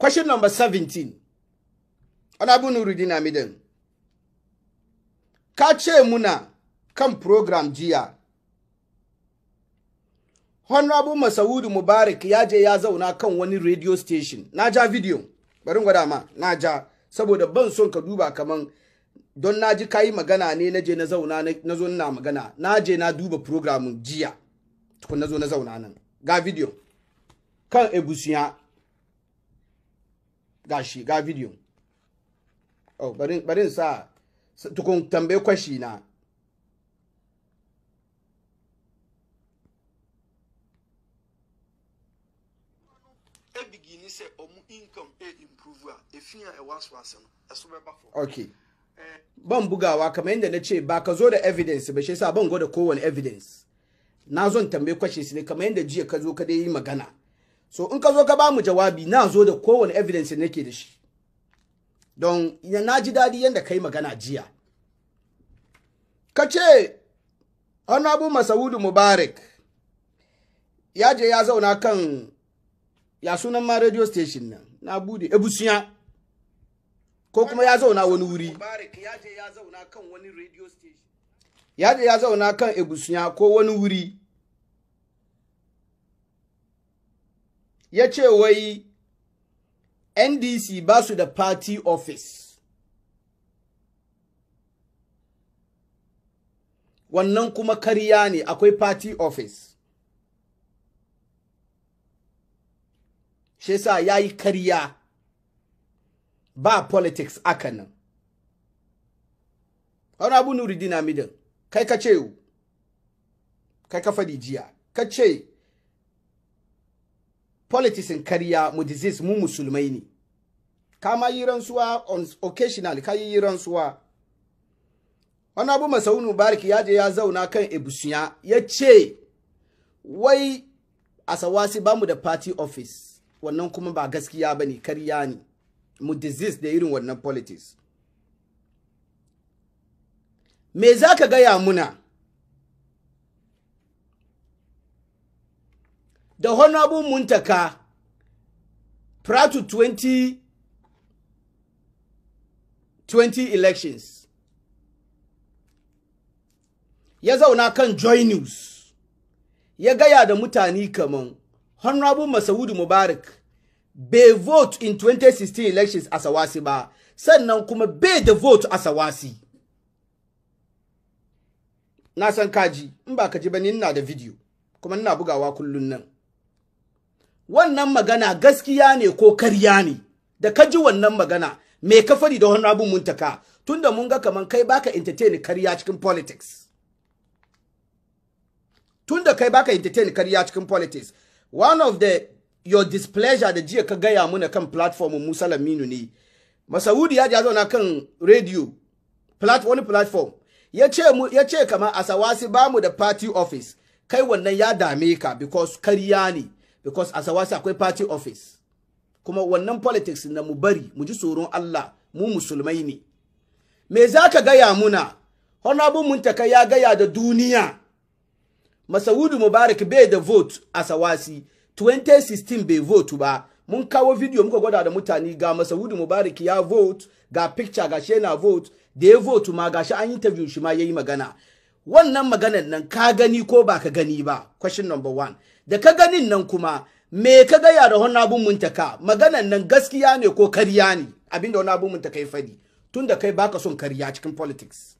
Question number 17. Honorable na Amidin. Ka ce muna kan program jiya. Honorable Masaudu Mubarak ya je ya zauna kan wani radio station. Na ja video. Bari gwada ma, na ja saboda ban son ka duba kaman don na ji kayi magana ne na je na zauna na zo magana. Na je na duba program jiya. Tukun na zo na zauna nan. Ga video. Kan egusiya shi ga video oh bari bari sa tukun tambaye kwashi na ebigini income e improve a efin a okay e ban bugawa kamar yadda na ce ba ka zo da evidence ba shi yasa ban gwada kowane evidence na zo tambaye kwashi ne kamar yadda jiya ka zo ka dai yi magana so in ka zo ka ba mu jawabi na zo da kowane evidence nake da shi don na ji daɗi yadda kai magana jiya ka ce abu masaudu mubarak ya je ya zauna kan ya sunan ma radio station nan na bude ebusiya ko kuma ya zauna wani wuri ya je ya zauna kan ebusiya ko wani wuri ya ce wai ndc ba su da party office wannan kuma kariya ne akwai party office shi sa ya yi kariya ba politics aka nan wani abu nuri dinamidin, kai ka ce kai ka faɗi jiya ka ce politics kariya mu disease mu musulmai ne kama yi rantsuwa on occasional ka yi rantsuwa wani abu masaunu barik ya je ya zauna kan ebusunya ya ce wai a sawasi bamu da party office wannan kuma ba gaskiya ba ne kariya ne mu disease da irin wannan politics me za ka gaya muna the honorable muntaka prior to 20 20 elections ya zauna kan joy news ya gaya da mutane kaman honorable masaudu mubarak bai vote in 2016 elections a sawasi ba sannan kuma bai da vote a sawasi na san kaji in ba ka ji ba ni ina da video kuma ina bugawa kullun nan wannan magana gaskiya ne ko karya ne da ka ji wannan magana me ka fari da wani abun muntaka tunda mun ga kaman kai baka entertain karya cikin politics tunda kai baka entertain karya cikin politics one of the your displeasure da jiya ka gaya muna kan platform Musa Laminu ne Masaudi ya zauna kan radio platform wani platform ya ce mu ya ce kaman asawasi bamu da party office kai wannan ya dame ka because karya ne because a akwai party office kuma wannan politics na mu bari mu ji tsoron Allah mu musulmai ne me za ka gaya muna honorable muntaka ya gaya da duniya masaudu mubarak bai da vote asawasi 2016 bai vote ba mun kawo video muka gwada da mutane ga masaudu mubarak ya vote ga picture ga shi yana vote da ya vote ma gashi an interview shi ma yayi magana wannan maganan nan ka gani ko ba ka gani ba question number one da ka ganin nan kuma me ka gaya da wani abun muntaka maganan nan gaskiya ne ko karya ne abinda wani abun muntaka ya fadi tun da kai baka son karya cikin politics